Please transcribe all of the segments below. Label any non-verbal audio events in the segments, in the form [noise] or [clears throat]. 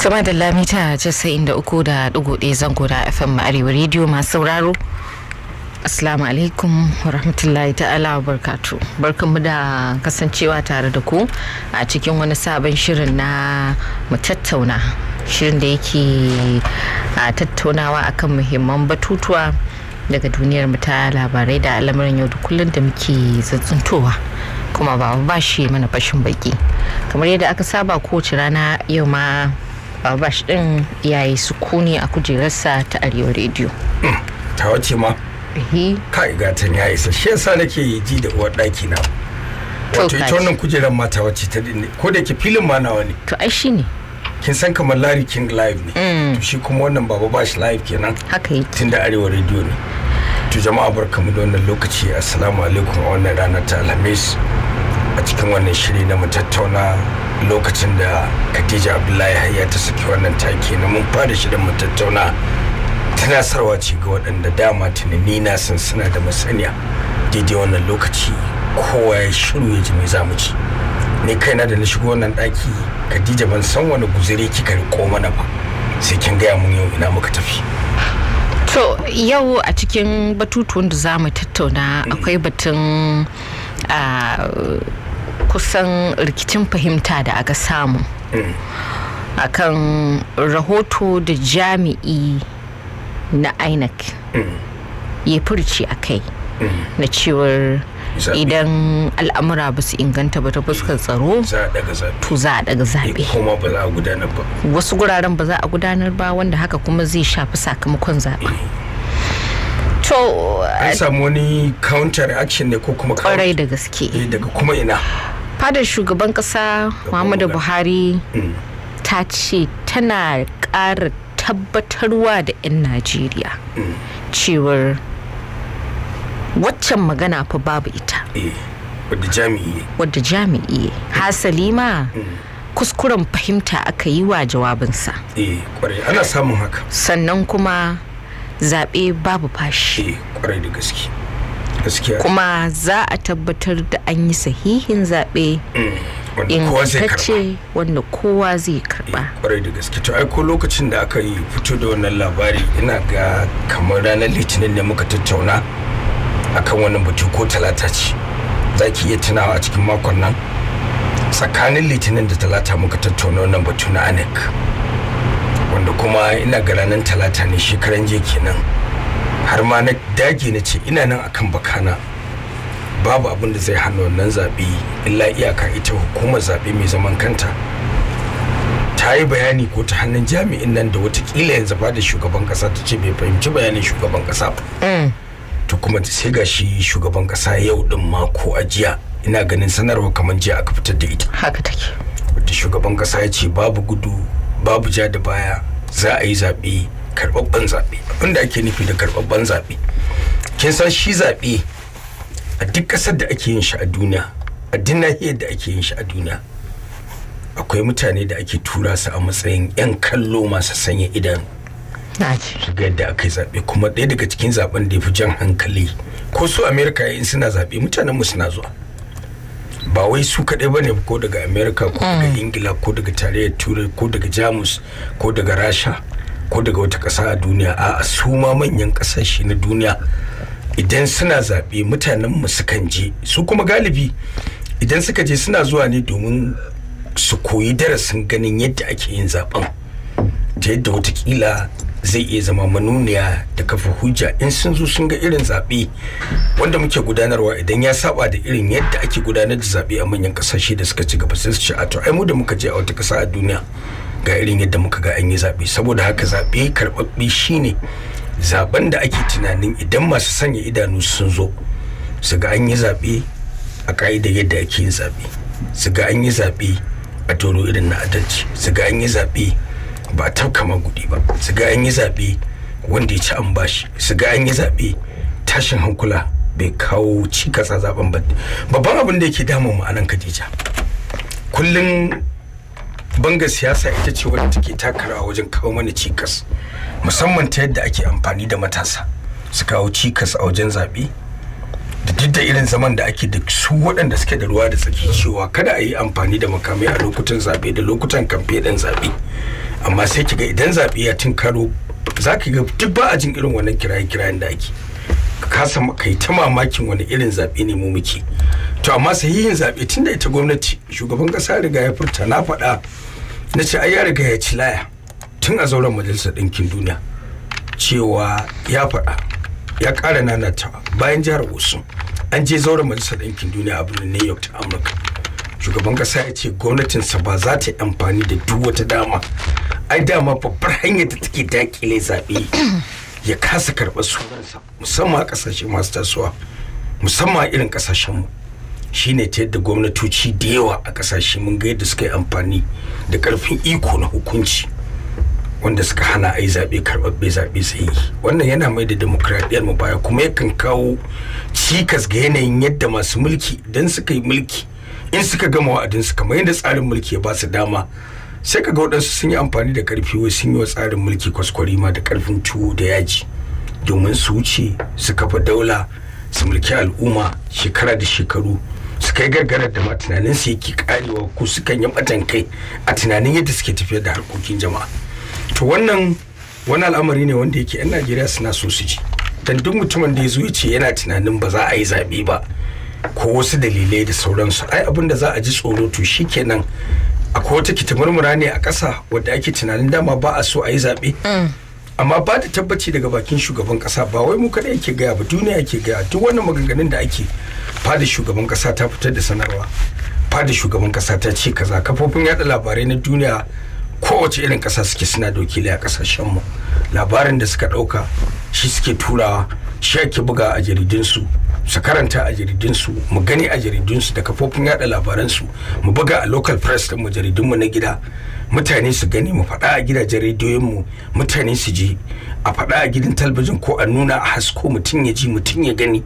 Sama da lamita casa'in da uku da ɗigo ɗaya zango da FM Arewa Radio masu sauraro. Assalamu alaikum wa rahmatullahi ta'ala wa barkatu. Barkanmu da kasancewa tare da ku a cikin wani sabon shirin na mu tattauna. Shirin da yake a tattaunawa a kan muhimman batutuwa daga duniyar mu ta labarai da al'amuran yau da kullum da muke zantsuntowa. kuma ba ba shi mana fashin baki kamar yadda aka saba kowace rana yau ma babash uh, din yayi sukuni a kujerarsa ta arewa rediyo ta wace ma kai gatan ya isa shi yasa nake ji da uwar daki na wato ita wannan kujerar ma ta wace ta dinne ko da ke filin ma nawa ne to ai shine kin san kamar Larry King live ne mm. to shi kuma wannan baba bash live kenan haka yi tunda arewa rediyo ne to jama'a barkamu da wannan lokaci assalamu alaikum a wannan rana ta alhamis a cikin wannan shiri na mu tattauna lokacin da Khadija Abdullahi Hayya ta saki wannan take na mun fara shirin mu tattauna tunasarwa ce ga waɗanda dama tunani na san suna da masaniya daidai wannan lokaci kowa ya shiru ya ji me za mu ci ni kaina da na shigo wannan ɗaki Khadija ban san wani guzuri kika riko mana ba sai kin gaya mun yau ina muka tafi to yau a cikin batutuwan da za mu tattauna mm. akwai batun uh, kusan rikicin fahimta da aka samu mm. akan rahoto da jami'i na inec mm. ya furci a kai mm. na cewar idan al'amura ba su inganta ba ta fuskar tsaro to za a daga zaɓe eh, wasu guraren ba za a gudanar ba wanda haka kuma zai shafi sakamakon zaɓe to an eh, samu wani counter action ne ko kuma kwarai da gaske eh, daga kuma ina fadar shugaban kasa muhammadu buhari mm. ta ce tana ƙara tabbatarwa da 'yan najeriya mm. cewar waccan magana fa babu ita eh, wadda jami'i mm. hasali ma kuskuren fahimta aka yi wa jawabinsa eh, ana samun haka sannan kuma zaɓe babu fashi eh, kuma za a tabbatar da an yi sahihin zaɓe ingantacce mm, wanda kowa zai karɓa. kwarai eh, da gaske to aiko lokacin da aka yi fito da wannan labari ina ga kamar ranar litinin da muka tattauna akan wannan batu ko talata ce za ki iya tunawa a cikin makon nan tsakanin litinin da talata muka tattauna wannan batu na anek wanda kuma ina ga ranar talata ne shekaran je kenan har ma na dage na ce ina nan akan bakana babu abin da zai hana wannan zaɓe illa iyaka ita hukumar zaɓe mai zaman kanta ta yi bayani ko ta hannun jami'in nan da watakila yanzu ba da shugaban kasa ta ce bai fahimci bayanin shugaban kasa ba mm. to kuma sai ga shi shugaban kasa yau din mako a jiya ina ganin sanarwa kamar jiya aka fitar da ita haka take da shugaban kasa ya ce babu gudu babu ja da baya za a yi zaɓe karbabban zaɓe abinda ake nufi da karbabban zaɓe kin san shi zaɓe a duk ƙasar da ake yin shi a duniya a duk nahiyar da ake yin shi a duniya akwai mutane da ake tura su a matsayin 'yan kallo masu sanya idan su ga yadda aka yi zaɓe kuma ɗaya daga cikin zaɓen da ya fi jan hankali ko su amerika in suna zaɓe mutanen mu suna zuwa ba wai su kaɗai ba ne ko daga amerika ko daga mm. ingila ko daga tarayyar turai ko daga jamus ko daga rasha ko daga wata ƙasa a duniya a su ma manyan ƙasashe na duniya idan suna zaɓe mutanenmu sukan je su kuma galibi idan suka je suna zuwa ne domin su koyi darasin ganin yadda ake yin zaɓen ta yadda watakila zai iya zama manuniya da kafa hujja in sun zo sun ga irin zaɓe wanda muke gudanarwa idan ya saba da irin yadda ake gudanar da zaɓe a manyan ƙasashe da suka ci gaba sai su ce a to ai mu da muka je a wata ƙasa a duniya ga irin yadda muka ga an yi zaɓe saboda haka zaɓe karɓaɓɓe shine zaɓen da ake tunanin idan masu sanya idanu sun zo su ga an yi zaɓe a ƙa'idar yadda ake yin zaɓe su ga an yi zaɓe a toro irin na adalci su ga an yi zaɓe ba a tafka guɗi ba su ga an yi zaɓe wanda ya ci an bashi su ga an yi zaɓe tashin hankula bai kawo cikasa zaben ba babban abin da yake damun mu anan kadija kullum banga siyasa ita ce wadda take takarawa wajen kawo mana cikas musamman ta yadda ake amfani da matasa su kawo cikas a wajen zaɓe da duk da irin zaman da ake da su waɗanda suke da ruwa da tsaki cewa kada a yi amfani da makamai a lokutan zaɓe da lokutan kamfe ɗin zaɓe amma sai kiga idan zaɓe ya karo za ka ga duk ba a jin irin wannan kiraye-kirayen da ake. kasa kai ta mamakin wani irin zaɓe ne mu muke to amma sahihin zaɓe tun da ita gwamnati shugaban kasa riga ya furta na faɗa na ce ai ya riga ya ci laya tun a zauren majalisar ɗinkin duniya cewa ya faɗa ya ƙara nanatawa bayan jihar wasu an je zauren majalisar ɗinkin duniya a birnin new york ta amurka shugaban kasa ya ce gwamnatinsa ba za ta yi amfani da duk wata dama ai dama babbar hanyar da take dakile zaɓe ya kasa karɓar sunansa musamman a kasashe masu tasowa musamman a irin ƙasashenmu ne ta yadda gwamnatoci da yawa a ƙasashe mun ga yadda suka yi amfani da karfin iko na hukunci wanda suka hana a yi zaɓe karɓaɓɓe zaɓe sai yi wannan yana mai da demokuraɗiyar mu baya kuma yakan kawo cikas ga yanayin yadda masu mulki don suka yi mulki in suka gama wa'adinsu kamar yadda tsarin mulki ya ba su dama sai kaga waɗansu sun yi amfani da karfi wai sun yi wa tsarin mulki kwaskwari ma da karfin tuwo da yaji domin su wuce su kafa daula su mulki al'umma shekara da shekaru su kai gargarar da ma tunanin su yake karewa ko su kan yi matan kai a tunanin yadda suke tafiyar da harkokin jama'a to wannan wani al'amari ne wanda yake 'yan najeriya suna so su ji dan duk mutumin da ya zo ce yana tunanin ba za a yi zaɓe ba ko wasu dalilai da sauransu ai abin da za a ji tsoro to shikenan akwai wata kitimurmura ne a ƙasa wadda ake tunanin dama ba a so a yi zaɓe mm. amma ba da tabbaci daga bakin shugaban ƙasa ba wai mu kaɗai ake gaya ba duniya ake gaya duk wannan maganganun da ake fada shugaban ƙasa ta fitar da sanarwa fada shugaban ƙasa ta ce kaza kafofin yaɗa labarai na duniya kowace irin ƙasa suke suna doki a kasashen mu labarin da suka ɗauka shi suke turawa shi ake buga a jaridun su su karanta a jaridunsu mu gani a jaridunsu da kafofin yada labaransu mu buga a local press da mu na gida mutane su gani mu faɗa a gidajen mu mutane su ji a faɗa a gidan talabijin ko a nuna a hasko mutum ya ji mutum ya gani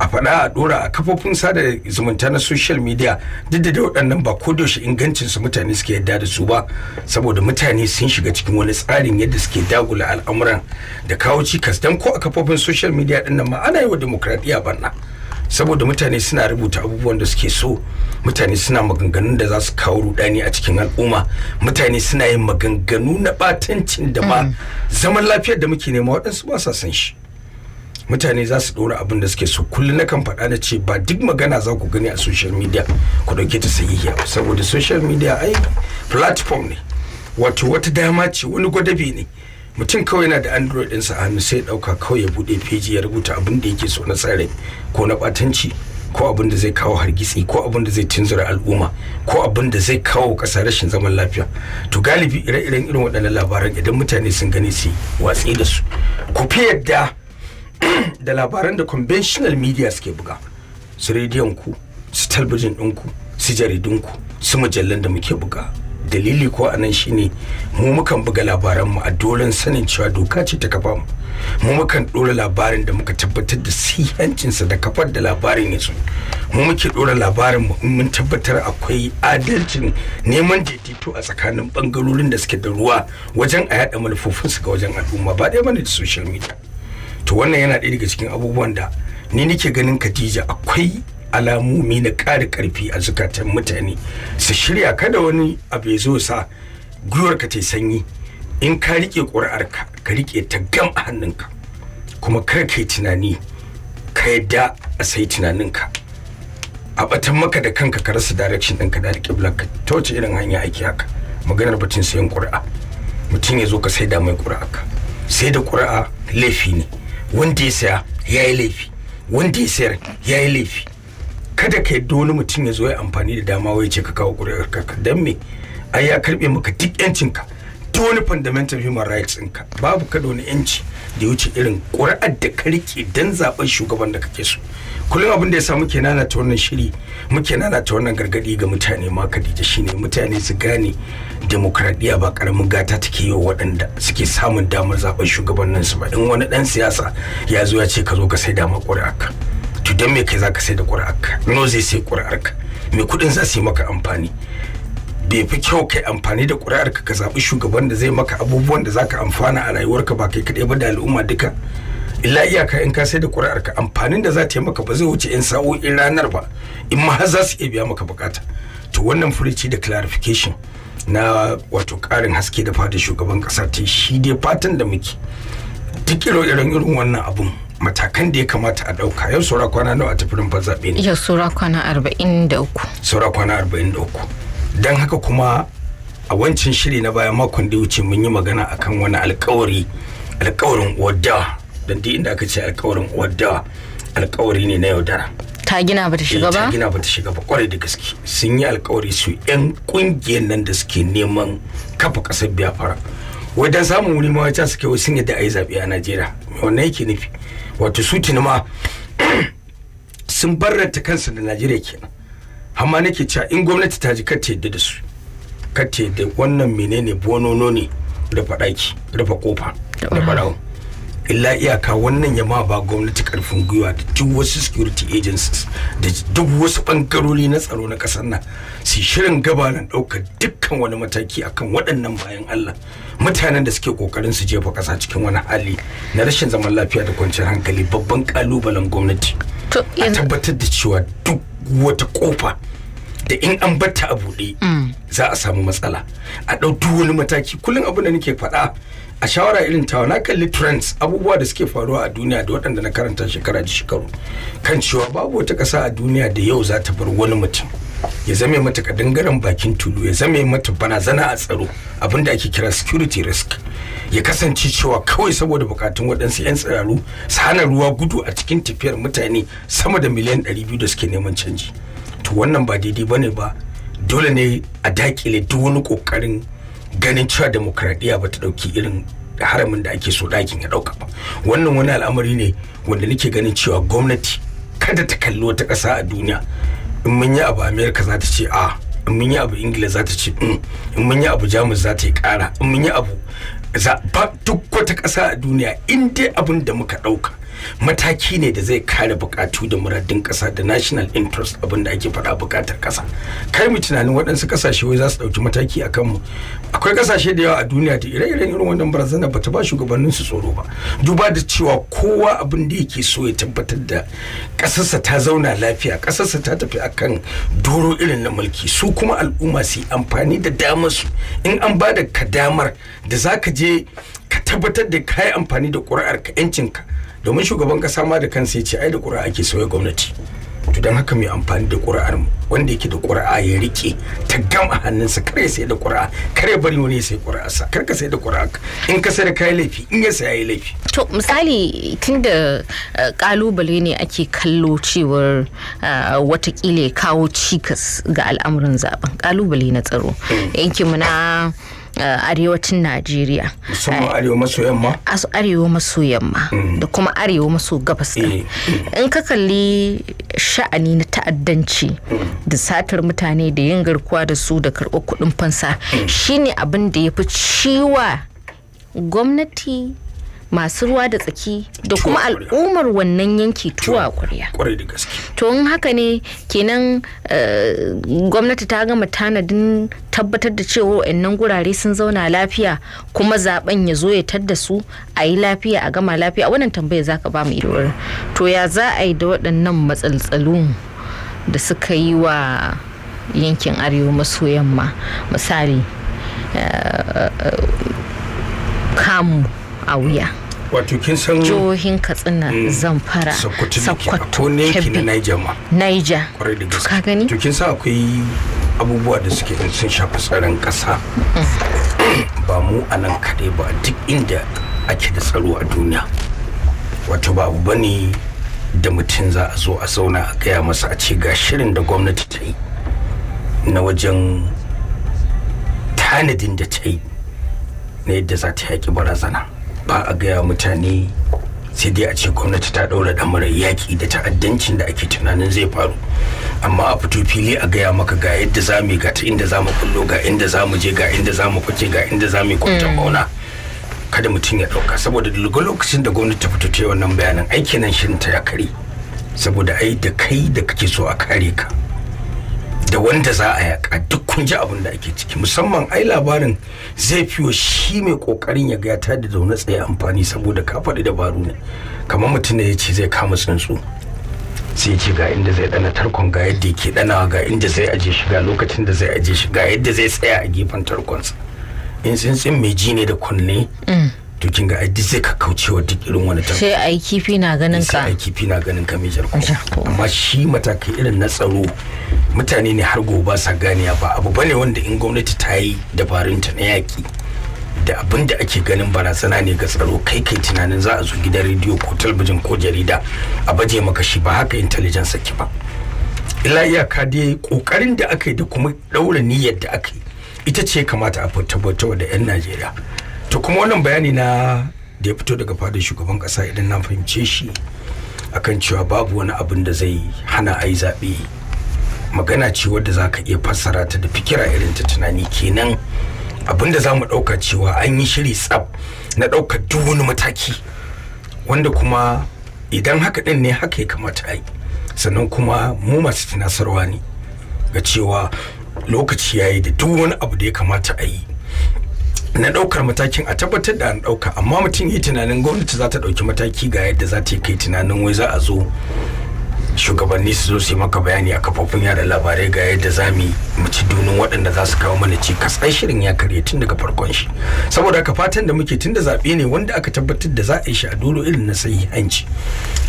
a faɗa a ɗora a kafofin sada zumunta na social media duk da waɗannan ba ko yaushe ingancin su mutane suke yadda da su ba saboda mutane sun shiga cikin wani tsarin yadda suke dagula al'amuran da kawo cikas dan ko a kafofin social media ɗin nan ma ana yi wa demokradiyya saboda mutane suna rubuta abubuwan da suke so mutane suna maganganun da za su kawo rudani a cikin al'umma mutane suna yin maganganu na batancin da ba mm. zaman lafiyar da muke nema waɗansu ba sa san shi mutane za su ɗora abin da suke so kullum na kan faɗa na ce ba duk magana za ku gani a social media ku ɗauke ta sahihiya saboda social media ai platform ne wato wata dama ce wani gwadabe ne mutum kawai yana da android ɗinsa a hannu sai ɗauka kawai ya buɗe feji ya rubuta abin da yake so na tsare ko na ɓatanci ko abin da zai kawo hargitsi ko abin da zai tunzura al'umma ko abin da zai kawo ƙasa rashin zaman lafiya to galibi ire-iren irin waɗannan labaran idan mutane sun gani su watsi da su ku fi yadda [clears throat] da labaran da conventional media suke buga su rediyon ku su talbijin ɗinku su jaridunku su mujallan da muke buga dalili ko anan shine mu mukan buga labaran mu a dolen sanin cewa doka ce ta kafa mu mu mukan dora labarin da muka tabbatar da sa da kafar da labarin ya mu muke dora labarin mu mun tabbatar akwai adalcin neman daidaito a tsakanin bangarorin da suke da ruwa wajen a yada su ga wajen al'umma ba dai bane da social media to wannan yana ɗaya daga cikin abubuwan da ni nake ganin Khadija akwai alamomi na ƙara ƙarfi a zukatan mutane su shirya kada wani abu ya zo sa gwiwarka ta sanyi in ka rike ƙuri'arka ka rike ta gam a hannunka kuma kar ka yi tunani ka yadda a sai ka a batan maka da kanka ka rasa direction ka da alƙiblar ka ta wace irin hanya ake haka maganar batun sayan ƙuri'a mutum ya zo ka sai da mai ƙuri'a ka sai da ƙuri'a laifi ne wanda ya saya ya yi laifi wanda ya sayar ya yi laifi kada ka yadda wani mutum ya zo ya amfani da dama wai ce ka kawo ƙuri'ar ka dan me ai ya karɓe maka duk yancin ka duk wani fundamental human rights ka babu da wani yanci da ya wuce irin ƙuri'ar da ka riƙe don zaben shugaban da kake so kullum abin da ya sa muke nana wannan shiri muke nana ta wannan gargaɗi ga mutane ma kadija shine mutane su gane demokradiyya ba karamin gata take yi wa waɗanda suke samun damar zaɓen shugabannin su ba in wani ɗan siyasa ya zo ya ce ka zo ka sai dama ƙuri'arka to don me kai za ka sai da ƙuri'arka no zai sai ƙuri'arka me kuɗin za su yi maka amfani bai fi kyau kai amfani da ƙuri'arka ka zaɓi shugaban da zai maka abubuwan da za ka amfana a rayuwarka ba kai kaɗai ba da al'umma duka illa iyaka in ka sai da ƙuri'arka amfanin da za ta yi maka ba zai wuce 'yan sa'o'in ranar ba in ma har za su iya biya maka bukata to wannan furici da clarification na wato ƙarin haske da fata shugaban ƙasa ta shi dai fatan da muke duk irin irin wannan abun matakan da ya kamata a ɗauka yau saura kwana nawa a tafirin ban zaɓe ne yau saura kwana arba'in da uku saura kwana arba'in da uku don haka kuma a wancan shiri na bayan makon da wuce mun yi magana akan wani alkawari alkawarin uwar dawa don inda aka ce alkawarin uwar dawa alkawari ne na yaudara ta gina bata shiga ba ta eh, gina bata shiga ba kwarai da gaske sun yi alkawari su yan kungiyar nan da suke neman kafa kasar biafra wajen samun wuri ma wacce suke sun yadda a yi zaɓe a najeriya wannan yake nufi wato su ma [clears throat] sun barrata kansu da najeriya kenan amma nake cewa in gwamnati ta ji kar ta yadda da su kar ta yadda wannan menene bonono ne rufe ɗaki rufe kofa da barawo illa iyaka wannan ya ba gwamnati karfin gwiwa da duk wasu security agencies da duk wasu bangarori na tsaro na kasar nan su shirin gabanin ɗaukar dukkan wani mataki akan waɗannan bayan Allah mutanen da suke kokarin su jefa kasa cikin wani hali na rashin zaman lafiya da kwanciyar hankali babban kalubalen gwamnati a tabbatar da cewa duk wata kofa da in an batta a buɗe mm. za a samu matsala a ɗau duk wani mataki kullum abin da nake faɗa a shawara irin tawa na kalli trends abubuwa da suke faruwa a duniya da waɗanda na karanta shekara da shekaru kan cewa babu wata ƙasa a duniya da yau za ta bar wani mutum ya zame mata kadangaren bakin tulu ya zame mata barazana a tsaro abinda ake kira security risk ya kasance cewa kawai saboda bukatun waɗansu 'yan tsararru su hana ruwa gudu a cikin tafiyar mutane sama da miliyan 200 da suke neman canji to wannan ba daidai bane ba dole ne a dakile duk wani kokarin ganin cewa demokradiyya ba ta ɗauki irin haramin da ake so dakin ya ɗauka ba wannan wani al'amari ne wanda nake ganin cewa gwamnati kada ta kalli wata kasa a duniya in mun yi abu amerika za ta ce a in mun yi abu ingila za ta ce mm, in mun yi abu jamus za ta yi ƙara in mun yi abu za duk wata ƙasa a duniya in dai abin da muka ɗauka mataki ne da zai kare bukatu da muradin kasa da national interest abin da ake faɗa bukatar kasa kar mu tunanin waɗansu kasashe wai za su ɗauki mataki a kanmu akwai kasashe da yawa a duniya da ire-iren irin wannan barazana bata ba shugabannin su tsoro ba duba da cewa kowa abin da yake so ya tabbatar da ƙasarsa ta zauna lafiya ƙasarsa ta tafi akan doro irin na mulki su kuma al'umma su yi amfani da damar su in an bada ka damar da za ka je ka tabbatar da ka yi amfani da ƙuri'ar ka 'yancinka domin shugaban kasa ma da kansa ya ce ai da ƙura ake sauya gwamnati to don haka mai amfani da ƙura'ar wanda yake da ƙura'a ya rike ta gama a hannunsa kar ya sai da ƙura'a kar ya bari wani ya sai sa kar ka sai da ƙura'a in ka sai da kayan laifi in ya sai laifi. to misali tunda kalubale eh, ne ake kallo cewar eh, watakila ya kawo cikas ga al'amuran zaben kalubale na tsaro mm. yankinmu na Eh, arewacin najeriya musamman eh, arewa maso yamma arewa maso yamma mm. da kuma arewa maso gabas eh, mm. in ka kalli sha'ani na ta'addanci mm. da satar mutane da yin garkuwa da su da karɓar kuɗin fansa shine abin da ya fi ciwa gwamnati masu ruwa da tsaki da kuma al'ummar wannan yanki tuwa kwarya to in haka ne kenan eh, gwamnati ta gama tanadin tabbatar da cewa wa'annan gurare sun zauna lafiya kuma zaben ya zo ya tadda su a yi lafiya a gama lafiya a wannan tambaya za ka ba mu idorin to ya za a yi da waɗannan matsaltsalun da suka yi wa yankin arewa maso yamma misali eh, eh, kamu a wuya wato kin san jihohin katsina hmm, zamfara naija kebbi naija. ka gani to kin san akwai abubuwa da suke sun shafi tsaron kasa mm. ba mu a nan kaɗai ba duk inda ake da tsaro a duniya wato ba abu bane da mutum za a zo a zauna a gaya masa a ce ga shirin da gwamnati ta yi na wajen tanadin da ta yi na yadda za ta yaƙi barazana ba a gaya mutane sai dai a ce gwamnati ta ɗaura damarar yaƙi da ta'addancin da ake tunanin zai faru amma a fito fili a gaya maka ga yadda za mu ga ta inda za mu kullo ga inda za mu je ga inda za mu kwace ga inda za mu kwanta mauna mm. kada mutum ya ɗauka saboda daga lokacin da gwamnati ta fito ta yi wannan bayanan aiki nan shirin ta ya kare saboda ai da kai da kake so a kare ka da wanda za a yaƙa duk kun ji abin da ake ciki musamman ai labarin zai fiyo shi mai ƙoƙarin ya ga ta da zaune tsaye amfani saboda ka faɗi dabaru ne kamar mutum ne ya ce zai kama tsuntsu sai ce ga inda zai dana tarkon ga yadda yake danawa ga inda zai aje shi ga lokacin da zai aje shi ga yadda zai tsaya a gefen tarkonsa in tsuntsun mai ji ne da kunne mm. to kinga ai duk sai ka kauce wa duk irin wani tabbata sai ai kifi na ganin ka sai ai kifi na ganin ka mijar ko amma shi matakai irin na tsaro mutane ne har gobe sa ganiya ba abu bane wanda in gwamnati ta yi ta na yaki da abin da ake ganin barazana ne ga tsaro kai kai tunanin za a zo gidan rediyo ko talabijin ko jarida a baje maka shi ba haka intelligence ki ba illa iyaka dai kokarin da aka yi da kuma daura niyyar da aka yi ita ce kamata a tabbatawa da 'yan najeriya to kuma wannan bayani na da ya fito daga fadar shugaban kasa idan na fahimce shi akan cewa babu wani abin da zai hana a yi zaɓe magana cewa da za ka iya fassara ta da fikira irin ta tunani kenan abin da za mu ɗauka cewa an yi shiri tsab na ɗaukar duk wani mataki wanda kuma idan haka ɗin ne haka ya kamata a yi sannan kuma mu masu tunasarwa ne ga cewa lokaci ya yi da duk wani abu da ya kamata a yi na ɗaukar matakin a tabbatar da an ɗauka amma mutum yi tunanin gwamnati za ta ɗauki mataki ga yadda za ta yi kai tunanin wai za a zo shugabanni su zo su yi maka bayani a kafofin yada labarai ga yadda za mu ci dunin waɗanda za su kawo mana ci kasai shirin ya karye tun daga farkon shi saboda haka fatan da muke tun da zaɓe ne wanda aka tabbatar da za a yi shi a dolo irin na sayi hanci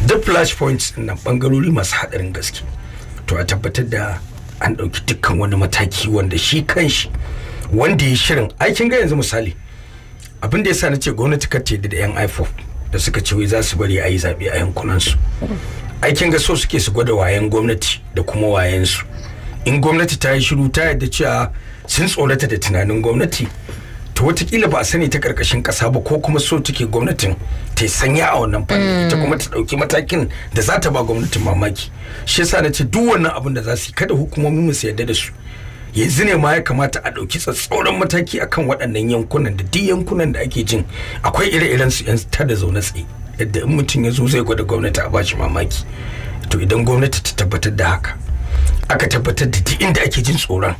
duk flash points na bangarori masu haɗarin gaske to a tabbatar da an ɗauki dukkan wani mataki wanda shi kanshi wanda ya shirin aikin ga yanzu misali abin da ya sa na ce gwamnati ka ta da yan ifop da suka ce wai za su bari a yi zaɓe a yankunan su aikin ga so suke su gwada wayan gwamnati da kuma wayan su in gwamnati ta yi shiru ta yadda cewa sun tsorata da tunanin gwamnati to watakila ba a sani ta karkashin kasa ba ko kuma so take gwamnatin ta sanya a wannan fannin mm. ita kuma ta dauki matakin da za ta ba gwamnatin mamaki shi yasa na ce duk wannan abin da za su yi kada hukumomin mu su yarda da su yanzu ne ma ya kamata a ɗauki tsatsauran mataki akan waɗannan yankunan da duk yankunan da ake jin akwai ire-iren su 'yan ta da zaune tsaye yadda in mutum ya zo zai gwada gwamnati a bashi mamaki to idan gwamnati ta tabbatar da haka aka tabbatar da duk inda ake jin tsoron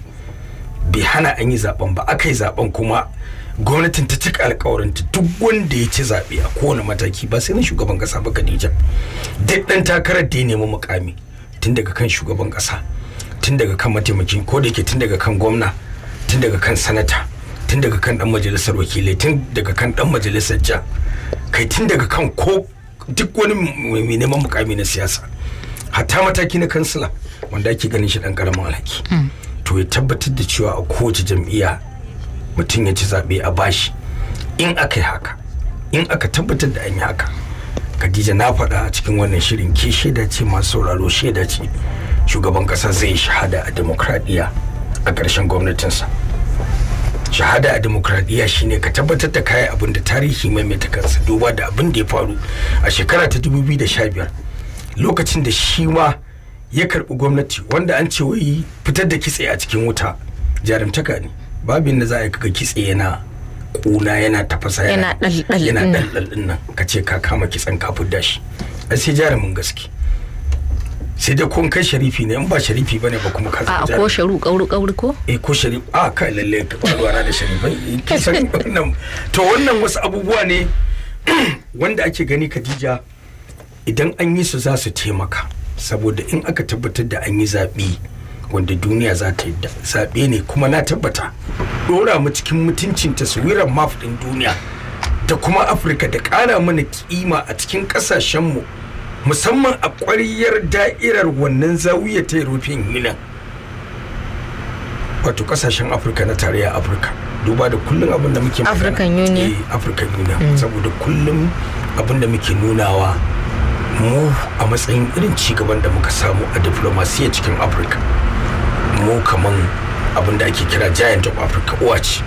bai hana an yi zaben ba aka yi zaben kuma gwamnatin ta cika alkawarinta duk wanda ya ci zaɓe a kowane mataki ba sai na shugaban ƙasa ba Khadija duk ɗan takarar da ya nemi mukami tun daga kan shugaban ƙasa tun daga kan mataimaki ko da yake tun daga kan gwamna tun daga kan sanata tun daga kan dan majalisar wakilai tun daga kan dan majalisar ja kai tun daga kan ko duk wani mai neman mukami na siyasa hatta mataki na kansila wanda ake ganin shi dan karamin alhaki hmm. to ya tabbatar da cewa a kowace jam'iyya mutum ya ci zaɓe a bashi in aka yi haka in aka tabbatar da an yi haka Khadija na faɗa a cikin wannan shirin ke shaida ce masu sauraro shaida ce shugaban kasa zai shahada a demokradiyya a ƙarshen gwamnatinsa shahada a demokradiyya shine ka tabbatar da kayan abin da tarihi maimaita kansa duba da abin da ya faru a shekara ta 2015 lokacin da shi ma ya karbi gwamnati wanda an ce wai fitar da kitse a cikin wuta jarumtaka ne babin da za a yi kaga kitse yana kuna yana tafasa yana ɗalɗal din nan ka ce ka kama kitsen kafin dashi shi sai jarumin gaske sai dai kun kai sharifi ne in ba sharifi bane ba kuma kaza a ko sharu kauru kauru ko eh ko sharifi a kai lalle ka faruwa na da sharifai eh, [laughs] wannan to wannan wasu abubuwa ne [clears throat] wanda ake gani Khadija idan an yi su za su taimaka saboda in aka tabbatar da an yi zaɓe wanda duniya za ta yadda zaɓe ne kuma na tabbata ɗora mu cikin mutuncin taswirar maf ɗin duniya da kuma afirka da ƙara mana kima a cikin mu. musamman a ƙwariyar da'irar wannan zawiya ta rufin union wato kasashen afirka na a afirka duba da kullum abin da muke african union eh, mm. saboda kullum abin da muke nunawa mu a matsayin irin cigaban da muka samu a diplomasiya cikin afirka mu kaman abin da ake kira giant of africa uwa ce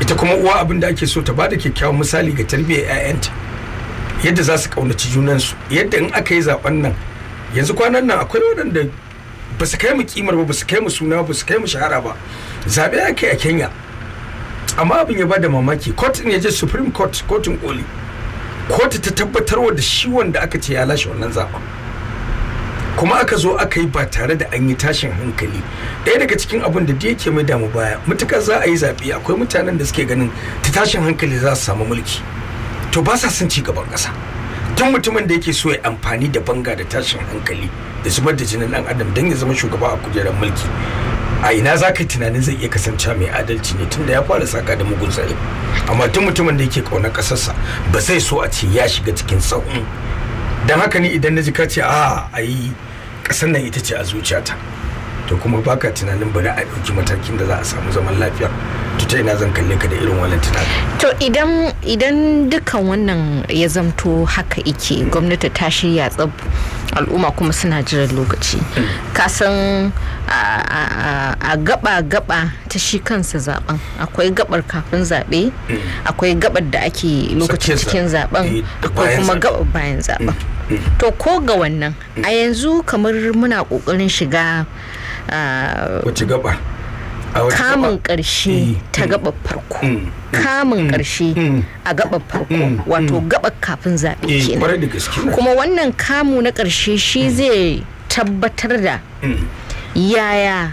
ita kuma uwa abin da ake so ta bada kyakkyawan misali ga tarbiyyar 'ya'yanta yadda za su kaunaci su yadda in aka yi zaben nan yanzu kwanan nan akwai waɗanda ba su kai mu kimar ba ba su kai mu suna ba su kai mu shahara ba zaɓe ake a kenya amma abin ya bada mamaki court ya je supreme court kotun koli kotu ta tabbatar wa da shi wanda aka ce ya lashe wannan zaben kuma aka zo aka yi ba tare da an yi tashin hankali ɗaya daga cikin abin da yake mai damu baya mutukar za a yi zaɓe akwai mutanen da suke ganin ta tashin hankali za su samu mulki to ba sa son ci gaban ƙasa tun mutumin da yake so ya amfani da banga da tashin hankali da zubar da jinin ɗan adam don ya zama shugaba a kujerar mulki a ina za ka tunanin zai iya kasance mai adalci ne tunda ya fara saka da mugun tsare amma tun mutumin da yake ƙaunar ƙasarsa ba zai so a ce ya shiga cikin sau'in don haka ne idan na ji kace a a yi ƙasar nan ita ce a zuciyata to kuma baka tunanin bari a ɗauki matakin da za a samu zaman lafiya to ta ina zan kalle ka da irin wannan tunanin to idan idan dukkan wannan ya zamto haka ike gwamnati ta shirya tsab al'umma kuma suna jiran lokaci hmm. ka san a gaba-gaba ta shi kansa zaben akwai gabar kafin zaɓe hmm. akwai gabar da ake lokacin cikin zaben eh, akwai kuma gabar bayan zaben hmm. to ko ga wannan a yanzu kamar muna ƙoƙarin shiga gaba kamun karshe eh, ta hmm. gaba farko hmm, hmm, kamun karshe a gaba farko wato gaba kafin zaɓe eh, kenan kuma wannan kamu na karshe shi zai tabbatar da yaya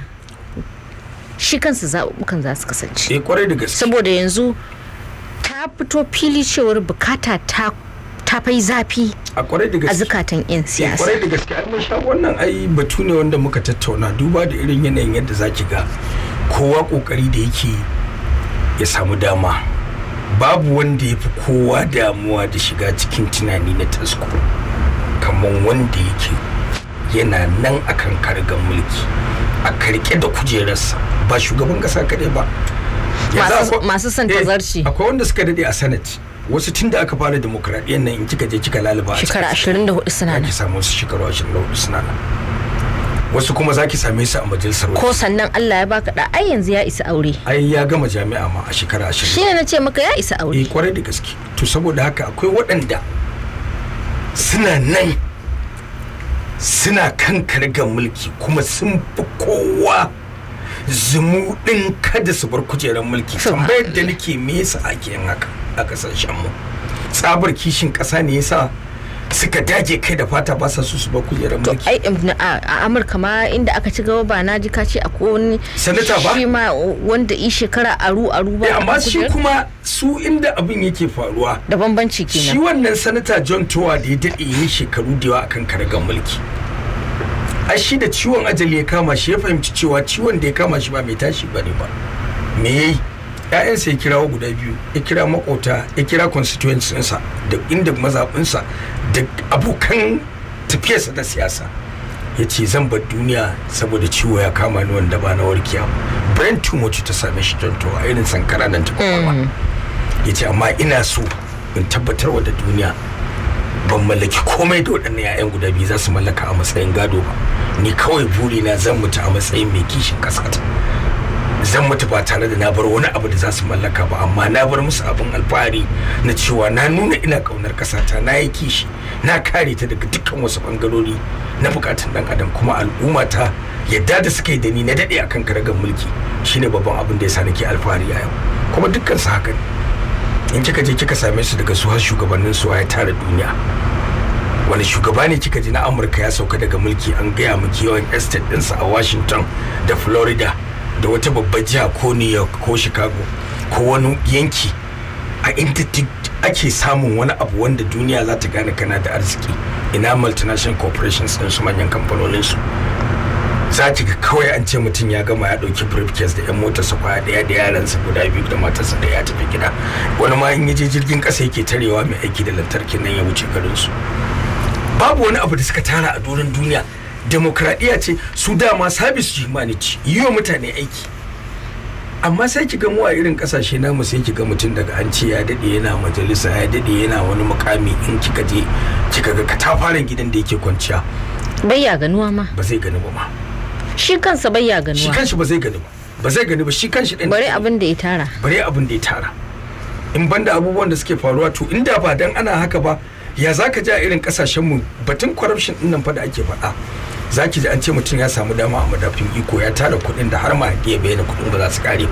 shi kansu zaɓuɓɓukan za su kasance eh, saboda yanzu ta fito fili cewar bukata ta ta fai zafi a zukatan 'yan eh, siyasa kwarai da gaske ai mun sha wannan ai batu ne wanda muka tattauna duba da irin yanayin yadda za ki ga kowa kokari da yake ya samu dama babu wanda ya fi kowa damuwa da shiga cikin tunani na tasko kamar wanda yake yana nan akan kargan mulki a karke da kujerarsa ba shugaban kasa kadai ba masu son tazarci eh, akwai wanda suka dade a sanati wasu tun da aka fara demokradiyyar nan in kika je kika laliba shekara 24 suna nan ki samu wasu shekaru 24 suna nan wasu kuma za ki same su a majalisar ko sannan Allah ya baka da ai yanzu ya isa aure ai ya gama jami'a ma a shekara 20 shine nace maka ya isa aure eh kwarai da gaske to saboda haka akwai waɗanda suna nan suna kan kargar mulki kuma sun fi kowa zumuɗin kada su bar kujerar mulki tambayar da nake me yasa ake yin haka a ƙasashenmu tsabar kishin ƙasa ne yasa suka daje kai da fata ba sa su su ba kujerar mulki ai a amurka ma inda aka ci gaba ba na ji ka ce akwai wani sanata ba shi ma wanda i shekara aru aru ba eh, amma shi kuma su inda abin yake faruwa da bambanci kenan shi wannan sanata john towa da ya dade yi shekaru da yawa akan karagar mulki ai shi da ciwon ajali ya kama shi ya fahimci cewa ciwon da ya kama shi ba mai tashi ne ba me yayi ƴaƴan ya kirawo guda biyu ya kira makota ya kira constituents ɗinsa da inda mazaɓinsa da abokan tafiyarsa da siyasa ya ce zan bar duniya saboda ciwo ya kama ni wanda ba na warkiya brain tumor ta same shi irin sankara nan ta kwakwalwa mm. ya ce amma ina so in tabbatarwa da duniya ban mallaki komai da waɗannan 'ya'yan guda biyu za su mallaka a matsayin gado ba ni kawai burina zan mutu a matsayin mai kishin ƙasa zan mutu ba tare da na bar wani abu da za su mallaka ba amma na bar musu abin alfahari na cewa na nuna ina kaunar kasata na yi kishi na kare ta daga dukkan wasu bangarori na bukatun dan adam kuma al'umma ta yadda da suka yi da ni na dade akan karagar mulki shine babban abin da yasa nake alfahari a yau kuma dukkan su haka in kika je kika same su daga su har shugabannin su ya tara duniya wani shugaba ne kika je na amurka ya sauka daga mulki an gaya miki yawan estate sa a washington da florida da wata babbar jiha ko new york ko chicago ko wani yanki a inda ake samun wani abu wanda duniya za ta gane kana da arziki ina multinational corporations din su manyan kamfanonin su za ki ga kawai an ce mutum ya gama ya ɗauki briefcase da yan motarsa kwaya daya da yaransa guda biyu da matarsa da ya tafi gida wani ma in ya je jirgin ƙasa yake tarewa mai aiki da lantarki nan ya wuce su babu wani abu da suka tara a doron duniya demokradiyya ce su dama service humanity yi wa mutane aiki amma sai ki ga mu a irin kasashe namu sai ki ga mutum daga an ce ya dade yana majalisa ya dade yana wani mukami in kika je kika ga katafaren gidan da yake kwanciya bai ya ganuwa ma ba zai gani ba ma shi kansa bai ya ganuwa shi kanshi ba zai gani ba ba zai gani ba shi kansa din bare abin da ya tara bare abin da ya tara in banda abubuwan da suke faruwa to inda ba dan ana haka ba ya zaka ji a irin kasashen mu batun corruption din nan fa da ake faɗa zaki ki ji an ce mutum ya samu dama a madafin iko ya tara kuɗin da har ma ya bayyana kuɗin ba za su kare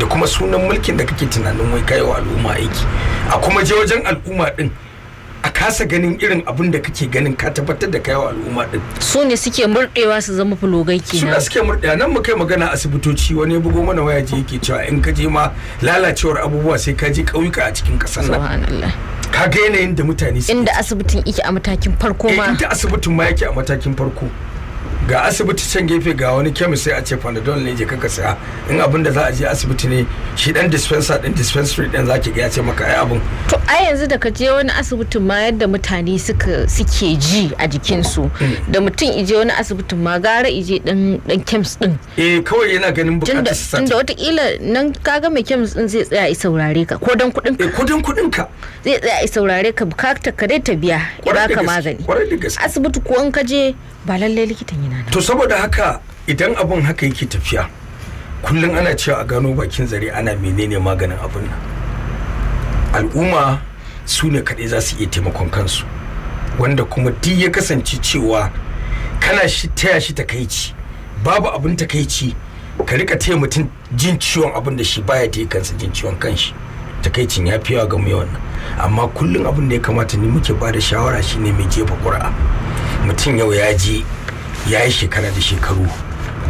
da kuma sunan mulkin da kake tunanin wai wa al'umma aiki a kuma je wajen al'umma din a kasa ganin irin abin da kake ganin ka tabbatar da wa al'umma din su ne suke murɗewa su zama fulogai kenan su suke murɗewa nan mu kai magana asibitoci wani bugo mana waya je yake cewa in ka je ma lalacewar abubuwa sai ka je ƙauyuka a cikin ƙasar nan ga yanayin da mutane inda asibitin yake a matakin farko eh, ma inda asibitin ma yake a matakin farko ga asibiti can gefe ga wani kemis sai a ce panadol ne je kaka saya in abin da za a je asibiti ne shi dan dispenser din dispensary din zaki ga ya ce maka ai abin to ai yanzu da ka je wani asibitin ma yadda mutane suka suke ji a jikin su mm. da mutum ije wani asibitin ma gara ije dan dan kemis din eh kawai yana ganin bukatar sa tunda watakila nan kaga mai kemis din zai tsaya i saurare ka ko dan kudin ka eh, ko dan kudin ka zai tsaya i saurare ka bukatar ka dai ta biya ya baka magani asibiti ko in ka je ba lallai likitan yana to saboda haka idan abun haka yake tafiya kullum ana cewa a gano bakin zare ana menene maganin abun nan al'umma su ne kaɗai za su iya taimakon kansu wanda kuma duk ya kasance cewa kana shi taya shi takaici babu abin takaici ka rika taya mutum jin ciwon abin da shi baya ta yi kansa jin ciwon kanshi takaicin ya fi yawa ga mu amma kullum abin da ya kamata ni muke ba da shawara shine mai jefa kura mutum yau ya je ya yi shekara da shekaru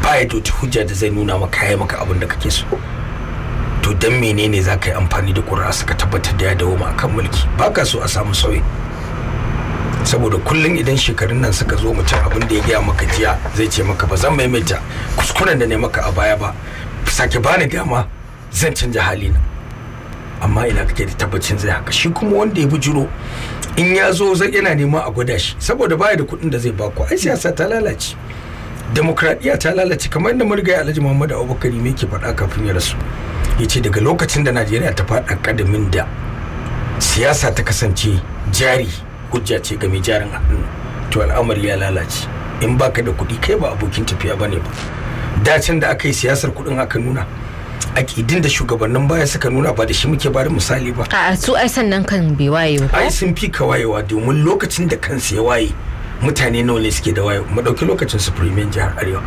ba ya doci hujja da zai nuna maka ya maka abin da kake so to don menene za ka yi amfani da ƙura suka tabbatar da ya dawo ma akan mulki ba ka so a samu sauyi saboda kullum idan shekarun nan suka zo mutum abin da ya gaya maka jiya zai ce maka ba zan maimaita kuskuren da ne maka a baya ba sake bani dama zan canja halina amma ina kake da tabbacin zai haka shi kuma wanda ya bujuro in ya zo zai yana nema a gwada shi saboda baya da kuɗin da zai baku ai siyasa ta lalace demokradiyya ta lalace kamar yadda marigayi alhaji muhammad abubakar me ke faɗa kafin ya rasu ya ce daga lokacin da najeriya ta faɗa kadamin da siyasa ta kasance jari hujja ce ga mai jarin hannu to al'amari ya lalace in baka da kuɗi kai ba abokin tafiya bane ba dacin da aka yi siyasar kuɗin aka nuna akidin da shugabannin baya suka nuna ba da shi muke bada misali ba a su ai sannan kan bai waye ba ai sun fi ka wayewa domin lokacin da kansa ya waye mutane nawa ne suke da waye mu dauki lokacin supreme jihar arewa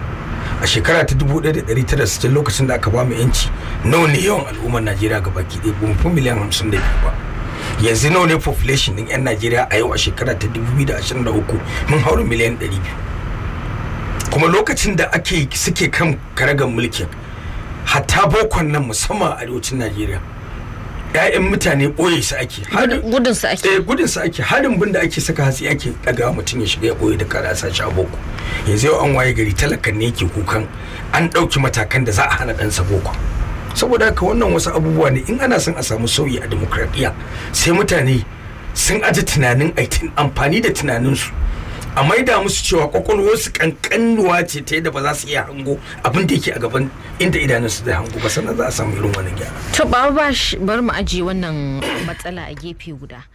a shekara ta 1960 lokacin da aka ba mu yanci nawa ne yawan al'ummar Najeriya ga baki ɗaya ba fi miliyan biyu ba yanzu nawa ne population din yan Najeriya a yau a shekara ta 2023 mun haura miliyan 200 kuma lokacin da ake suke kan karagar mulkin hatta bokon nan musamman a arewacin najeriya ya'yan mutane ɓoye su ake gudun su ake eh, gudun su ake harin bin da ake saka hatsi ake daga mutum ya shiga ya ɓoye da kara sa shi boko yanzu yau an waye gari talakan ne yake kukan an ɗauki matakan da za a hana ɗansa boko saboda haka wannan wasu abubuwa ne in ana son a samu sauyi a demokradiyya sai mutane sun aji tunanin aitin amfani da tunaninsu a maida musu cewa kwakwalwarsu kankanuwa ce ta yadda ba za su iya hango abin da yake a gaban inda idanunsu da hango ba sannan za a samu irin wani gyara. to ba ba bar mu ajiye wannan matsala a gefe guda